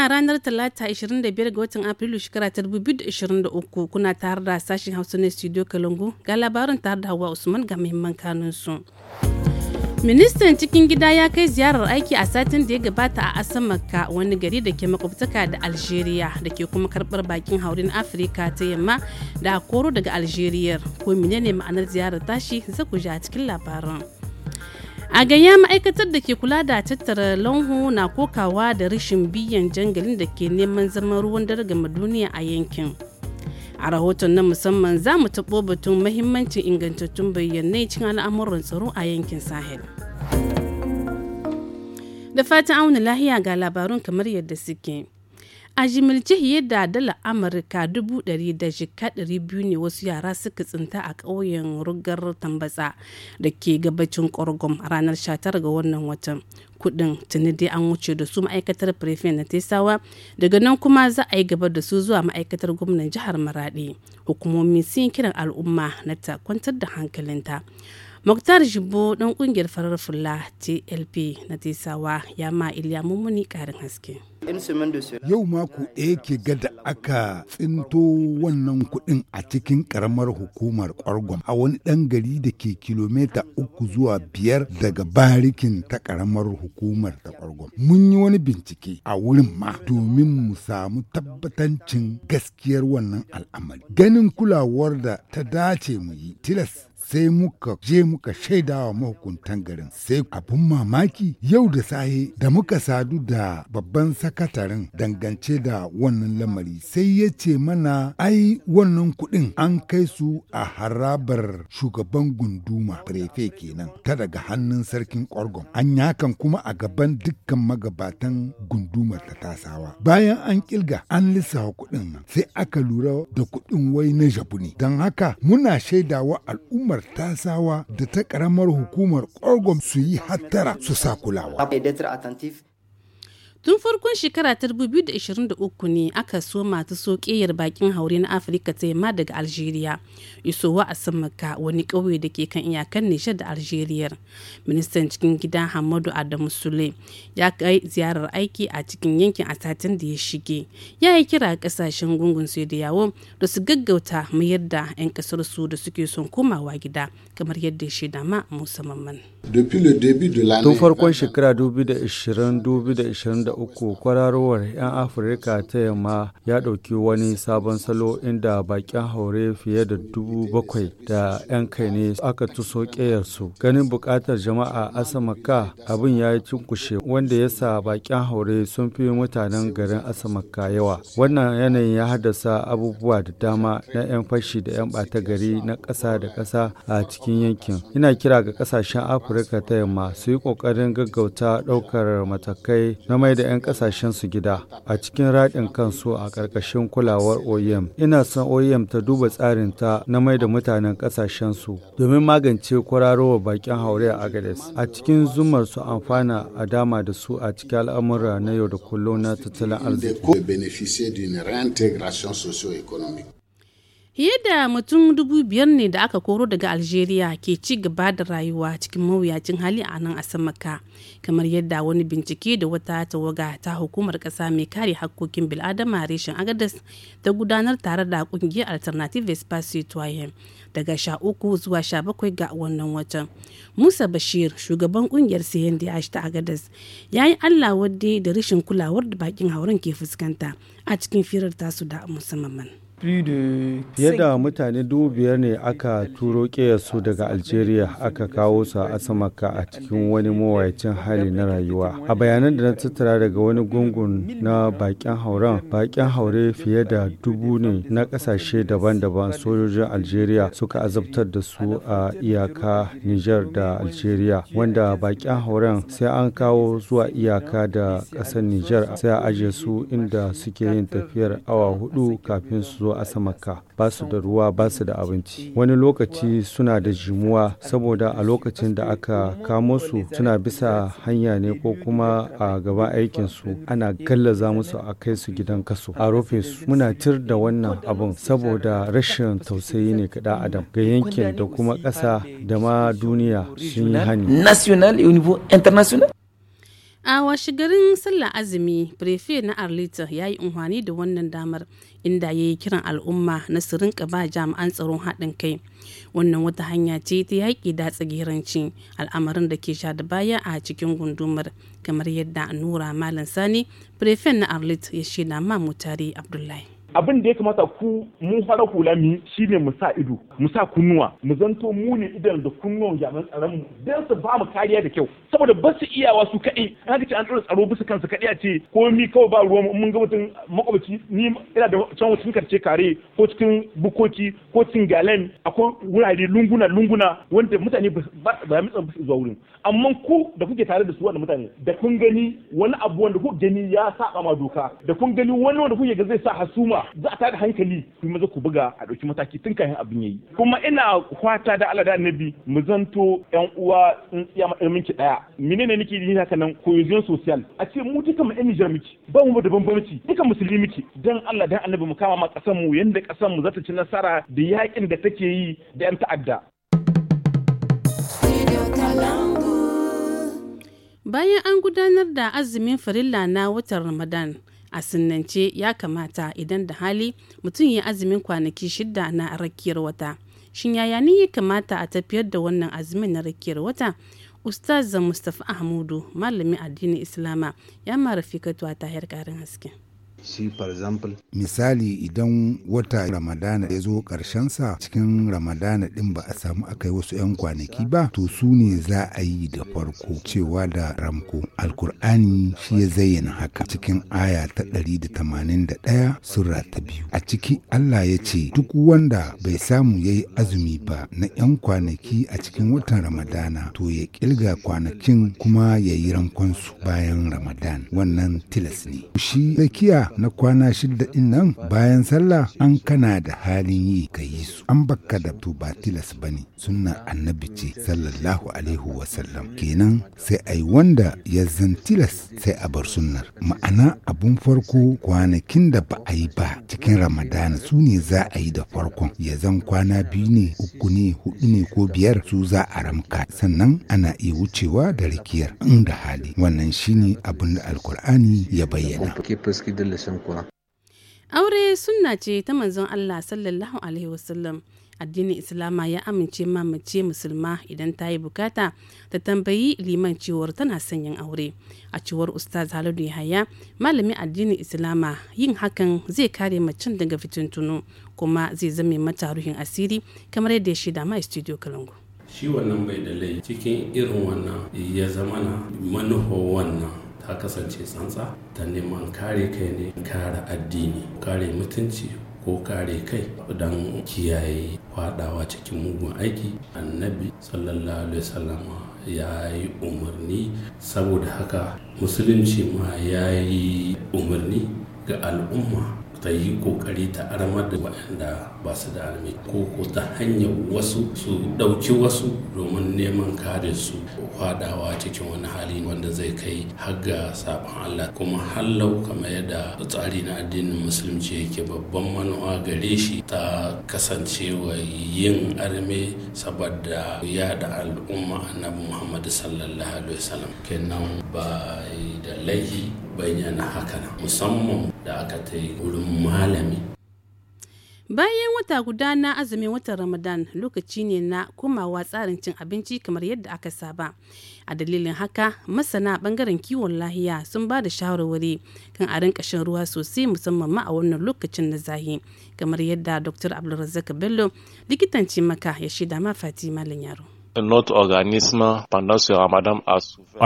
Muna ranar Talata 25 ga watan Afrilu shekara ta 2023 kuna tare da sashen Hausa na Studio Kalungu ga labarin tare da Hawa Usman ga muhimman kanunsu. Ministan cikin gida ya kai ziyarar aiki a satin da ya gabata a asan Makka wani gari da ke makwabtaka da Algeria da ke kuma karbar bakin haurin Afirka ta yamma da koro daga Algeria ko ne ma'anar ziyarar tashi zaku ji a cikin labarin. a gayya ma'aikatar da ke kula da tattara lanhu na kokawa da rashin biyan jangalin da ke neman zaman ruwan dare game duniya a yankin a rahoton na musamman za mu taɓo batun mahimmancin ingantattun bayyanai cikin al'amuran tsaro a yankin sahel da fatan auna lahiya ga labarun kamar yadda suke a jimilce fiye da dala amurka dubu ɗari da jika ɗari biyu ne wasu yara suka tsinta a ƙauyen rugar tambatsa da ke gabacin ƙorgom ranar 19 ga wannan watan kudin tuni dai an wuce da su ma'aikatar prefen na tesawa daga nan kuma za a yi gaba da su zuwa ma'aikatar gwamnan jihar maradi hukumomi sun kiran al'umma na ta kwantar da hankalinta Muktar Jibo ɗan ƙungiyar farar fulla TLP na Tisawa ya ma Iliya Mummuni karin haske. Yau mako ɗaya ke ga da aka tsinto wannan kuɗin a cikin ƙaramar hukumar ƙwargwam a wani ɗan gari da ke kilomita uku zuwa biyar daga barikin ta ƙaramar hukumar ta ƙwargwam. Mun yi wani bincike a wurin ma domin mu samu tabbatancin gaskiyar wannan al'amari. Ganin kulawar da ta dace mu yi tilas sai muka je muka shaidawa mahukuntan garin sai abun mamaki yau da sahi da muka sadu da babban sakataren dangance da wannan lamari sai ya ce mana ai wannan kuɗin an kai su a harabar shugaban gunduma prefe kenan ta daga hannun sarkin kwargon an yakan kuma a gaban dukkan magabatan gundumar ta tasawa bayan an kilga an lissafa kuɗin sai aka lura da kuɗin wai na jabuni. ne don haka muna shaidawa al'ummar jihar da ta ƙaramar hukumar Orgom su yi hattara su sa kulawa. Tun farkon shekara ta 2023 ne aka so masu so ƙeyar bakin haure na Afirka ta yamma daga Algeria, isowa a samaka wani ƙauye da ke kan iyakan Nishar da Algeria. Ministan cikin gida Hamadu Adamu Sule ya kai ziyarar aiki a cikin yankin a satin da ya shige. Ya yi kira ƙasashen gungun sai da yawon da su gaggauta mu yadda 'yan ƙasar su da suke son komawa gida kamar yadda ya shaida ma Musa Mamman. Tun farkon shekara 2020 uku kwararowar 'yan afirka ta yamma ya ɗauki wani sabon salo inda bakin haure fiye da dubu bakwai da 'yan kai ne aka tuso su ganin buƙatar jama'a asamaka abin ya yi cinkushe wanda ya sa bakin haure sun fi mutanen garin asamaka yawa wannan yanayin ya haddasa abubuwa da dama na 'yan fashi da 'yan bata gari na ƙasa da ƙasa a cikin yankin ina kira ga ƙasashen afirka ta yamma su yi ƙoƙarin gaggauta ɗaukar matakai na mai da 'yan kasashen su gida a cikin raɗin kansu a ƙarƙashin kulawar OEM. Ina son OEM ta duba tsarin ta na mai da mutanen kasashen su domin magance kwararowa bakin haure a Agades. A cikin zumar su amfana a dama da su a cikin al'amura na yau da kullum na tattalin arziki. Fiye da mutum dubu biyar ne da aka koro daga Algeria ke ci gaba da rayuwa cikin mawuyacin hali a nan Asamaka, kamar yadda wani bincike da wata tawaga ta hukumar kasa mai kare hakkokin bil'adama reshen Agadas ta gudanar tare da kungiyar Alternative Espace Citoyen daga sha uku zuwa sha bakwai ga wannan watan. Musa Bashir, shugaban ƙungiyar CNDH ta Agadas, ya yi Allah wadde da rashin kulawar da bakin hauren ke fuskanta a cikin firar tasu da musamman. Fiye da mutane dubu biyar ne aka turo su daga Algeria aka kawo su a Asamaka a cikin wani mawayacin hali na rayuwa. A bayanan da na tattara daga wani gungun na bakin hauren, bakin haure fiye da dubu ne na kasashe daban-daban sojojin Algeria suka azabtar da su a iyaka Niger da Algeria, wanda bakin hauren sai an kawo zuwa iyaka da ƙasar Niger sai a aje su inda suke yin tafiyar awa hudu kafin su a samarka ba su da ruwa ba su da abinci wani lokaci suna da jimuwa saboda a lokacin da aka kamo su suna bisa hanya ne ko kuma a gaban aikinsu ana gallaza musu a kai su gidan kaso a rufe su muna tir da wannan abin saboda rashin tausayi ne ga adam ga yankin da kuma ƙasa da ma duniya sun yi hani national international a washegarin sallah azumi prefe na arlita ya yi unhwani da wannan damar inda ya yi kiran al'umma na su rinka ba jami'an tsaron haɗin kai wannan wata hanya ce ta yaƙi da tsagiranci al'amarin da ke sha da baya a cikin gundumar kamar yadda nura malam sani prefe na arlita ya shaida ma mutare abdullahi abin da ya kamata ku mu fara hula mu shine mu sa ido mu sa kunnuwa mu zanto mu ne idan da kunnuwan jami'an tsaron mu dan su ba mu kariya da kyau saboda ba su iyawa su kaɗai an ce an tsaro tsaro bisa kansu kaɗai a ce ko mi kawai ba ruwan mun ga mutum makwabci ni ina da can cikin karce kare ko cikin bukoki ko cikin galen akwai wurare lunguna lunguna wanda mutane ba ya mitsa zuwa wurin amma ku da kuke tare da su wanda mutane da kun gani wani abu wanda kuka gani ya saba ma doka da kun gani wani wanda kuke ga zai sa hasuma yawa za a tada hankali ku maza ku buga a ɗauki mataki tun kayan abin yayi kuma ina kwata da Allah da annabi mu zanto yan uwa tsintsiya madarmin ki daya menene nake yi haka nan cohesion social a ce mu duka mu yan miki ba mu da bambanci duka musulmi miki dan Allah dan annabi mu kama ma kasan mu yanda kasan mu za ta ci nasara da yakin da take yi da yan ta'adda Bayan an gudanar da azumin farilla na watan Ramadan, a sunnance ya kamata idan da hali mutum ya azumin kwanaki shida na rakiyar wata shin yaya ni ya kamata a tafiyar da wannan azumin na rakiyar wata ustaz mustapha ahmudu malamin addinin islama ya mara fikatuwa tahir karin haske Misali idan wata Ramadana ya zo sa cikin Ramadana ɗin ba a samu aka yi wasu 'yan kwanaki ba, to su ne za a yi da farko cewa da ramko. Alkur'ani shi ya zayyana haka cikin aya ta ɗari da tamanin 181 sura ta biyu. A ciki Allah ya ce duk wanda bai samu ya yi azumi ba na 'yan kwanaki a cikin watan Ramadana to ya ƙilga kwanakin kuma ya yi rankonsu bayan Ramadan wannan tilas ne. Shi tsakiya na kwana shida din nan bayan sallah an kana da halin yi ka yi su an baka da to ba tilas bane sunna annabi ce sallallahu alaihi wa sallam kenan sai ai wanda ya zan tilas sai a bar sunnar ma'ana abun farko kwanakin da ba a yi ba cikin ramadana su ne za a yi da farkon ya zan kwana biyu ne uku ne hudu ne ko biyar su za a ramka sannan ana iya wucewa da rikiyar inda hali wannan shine abin da alkur'ani ya bayyana san aure sunna ce ta manzon Allah sallallahu alaihi wasallam addinin islama ya amince ma musulma idan ta yi bukata ta tambayi liman cewar tana sanyin aure a cewar ustaz haladu yahaya malamin addinin islama yin hakan zai kare macen daga fitintunu kuma zai zame mata ruhin asiri kamar yadda ya shaida ma studio kalangu shi wannan bai da cikin irin wannan ya zama na manufa wannan ka kasance tsantsa ta neman kare kai ne kare addini kare mutunci ko kare kai don kiyaye fadawa cikin mugun aiki annabi sallallahu alaihi wasallam ya yi umarni saboda haka musulunci ma ya yi umarni ga al'umma ta yi kokari ta armar da waɗanda ba su da almi ko ko ta hanyar wasu su ɗauki wasu domin neman kare su fadawa cikin wani hali wanda zai kai haga ga sabon Allah kuma hallau kamar yadda tsari na addinin musulunci yake babban manuwa gare shi ta kasancewa yin arme saboda yaɗa al'umma annabi muhammadu sallallahu alaihi wasallam kenan ba da laifi bayyana hakan musamman da aka ta yi wurin malami bayan wata guda na azumin watan ramadan lokaci ne na komawa tsarin cin abinci kamar yadda aka saba a dalilin haka masana bangaren kiwon lahiya sun ba da shawarwari kan a rinka shan ruwa sosai musamman ma a wannan lokacin na zahi kamar yadda dr abdulrazak bello likitan cimaka ya shaida ma fatima yaro A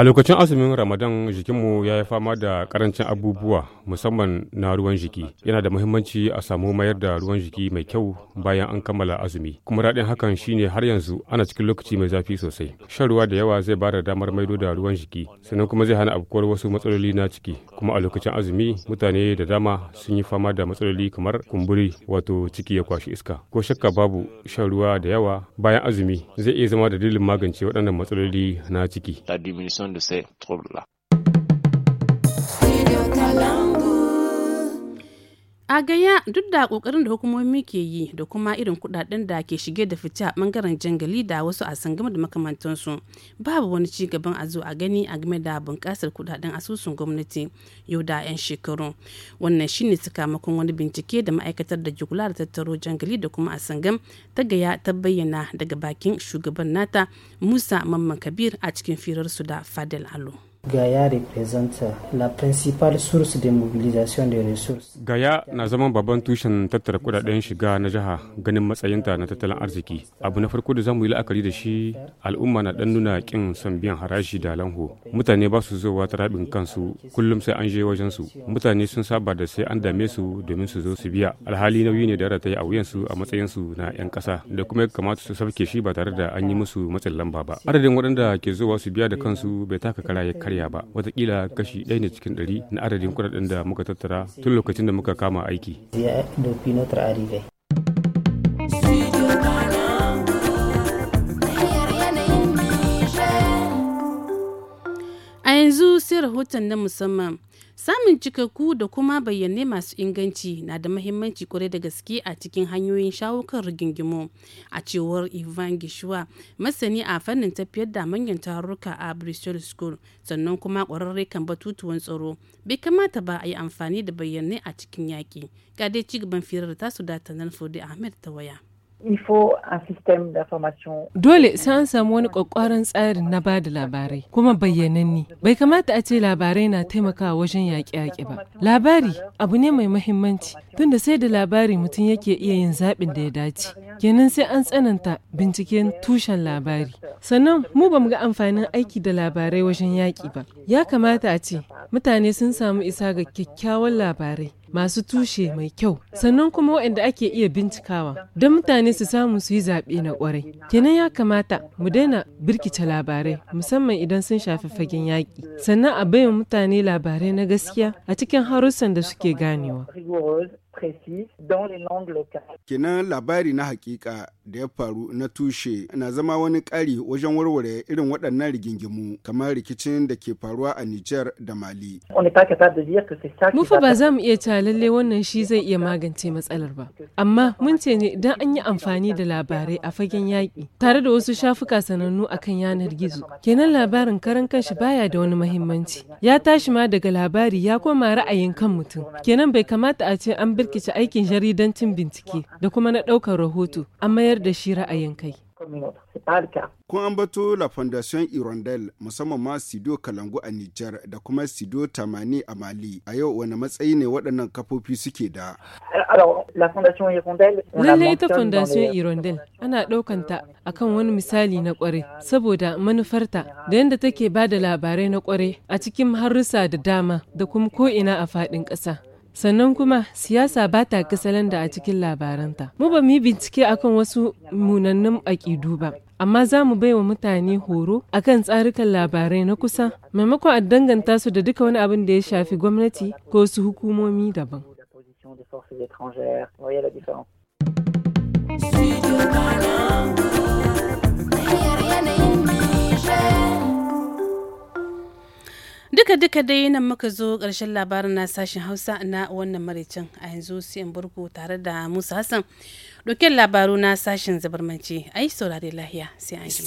lokacin azumin Ramadan jikinmu ya yi fama da karancin abubuwa musamman na ruwan jiki. Yana da muhimmanci a samu mayar da ruwan jiki mai kyau bayan an kammala azumi. Kuma daɗin hakan shine har yanzu ana cikin lokaci mai zafi sosai. Shan ruwa da yawa zai bada damar maido da ruwan jiki sannan kuma zai hana afkuwar wasu matsaloli na ciki. Kuma a lokacin azumi mutane da dama sun yi fama da matsaloli kamar kumburi wato ciki ya kwashi iska. Ko shakka babu shan ruwa da yawa bayan azumi zai iya zama da dalilin magance waɗannan matsaloli na ciki. La diminution de ces troubles-là. a gaya duk da kokarin da hukumomi ke yi da kuma irin kudaden da ke shige da fice a bangaren jangali da wasu a sangama da makamantansu babu wani ci gaban a zo a gani a game da bunƙasar kudaden asusun gwamnati yau da 'yan shekaru wannan shine sakamakon wani bincike da ma'aikatar da jugular da tattaro jangali da kuma a sangam ta gaya ta bayyana daga bakin shugaban nata musa mamman kabir a cikin su da fadel alo Gaya representa la principale source de mobilisation de ressources. Gaya na zaman babban tushen tattara kudaden shiga na jiha ganin matsayinta na tattalin arziki. Abu na farko da zamu yi la'akari da shi al'umma na dan nuna kin son biyan haraji da lanho. Mutane ba su zowa ta rabin kansu kullum sai an je wajen su. Mutane sun saba da sai an dame su domin su zo su biya. Alhali nauyi ne da rata yi a wuyan su a matsayin su na yan ƙasa da kuma ya kamata su sabke shi ba tare da an yi musu matsin lamba ba. Adadin waɗanda ke zowa su biya da kansu bai taka kara ya karya ba watakila kashi ɗaya ne cikin ɗari na adadin kuɗaɗen da muka tattara tun lokacin da muka kama aiki a yanzu sai rahoton na musamman Samun cikakku da kuma bayyane masu inganci na da mahimmanci kwarai da gaske a cikin hanyoyin shawo kan rigingimu. A cewar Ivan Gishuwa, masani a fannin tafiyar da manyan tarurruka a Bristol School, sannan kuma kwararre kan batutuwan tsaro. Bai kamata ba a yi amfani da bayyane a cikin yaƙi. Ga dai gaban firar tasu da Tanan Fode Ahmed ta waya. Dole sai an samu wani ƙwaƙwaran tsarin na ba da labarai kuma bayyananni. Bai kamata a ce labarai na taimakawa wajen yaƙe-yaƙe ba. Labari abu ne mai mahimmanci tunda sai da labari mutum yake iya yin zaɓin da ya dace. Kenan sai an tsananta binciken tushen labari. Sannan mu ba mu ga amfanin aiki da labarai wajen yaƙi ba. Ya kamata a ce mutane sun samu isa ga kyakkyawan labarai masu tushe mai kyau sannan kuma waɗanda ake iya bincikawa don mutane su samu su yi zaɓe na ƙwarai kenan ya kamata mu daina birkice labarai musamman idan sun shafi fagen yaƙi sannan a bayan mutane labarai na gaskiya a cikin harussan da suke ganewa précise dans les langues locales. Kenan labari na hakika da ya faru na tushe na zama wani kari wajen warware irin waɗannan rigingimu kamar rikicin da ke faruwa a Nijar da Mali. mufa ba za mu iya cewa lalle wannan shi zai iya magance matsalar ba. Amma mun ce ne idan an yi amfani da labarai a fagen yaƙi tare da wasu shafuka sanannu a kan yanar gizo. Kenan labarin karan kanshi baya da wani mahimmanci. Ya tashi ma daga labari ya koma ra'ayin kan mutum. Kenan bai kamata a ce an bi birkice aikin jaridancin bincike da kuma na ɗaukar rahoto an mayar da shi ra'ayin kai. Kun bato La Fondation Irondel musamman ma Sido Kalangu a Nijar da kuma Sido Tamani a Mali. A yau wani matsayi ne waɗannan kafofi suke da? lalle ita Fondation Irondel ana ɗaukanta a kan wani misali na ƙware saboda manufarta da yadda take ba da labarai na ƙware a cikin harusa da dama da kuma ko'ina a faɗin ƙasa. sannan kuma siyasa ba ta da a cikin labaranta mu ba mu yi bincike akan wasu munannun aƙidu ba amma za mu baiwa mutane horo akan tsarukan labarai na kusa maimakon a danganta su da duka wani abin da ya shafi gwamnati ko su hukumomi daban duka duka dai nan muka zo ƙarshen labarin na sashen hausa na wannan maricin a yanzu siyan burku tare da musa hassan dokin labaru na sashen zabarmanci ai saurari lahiya sai an shi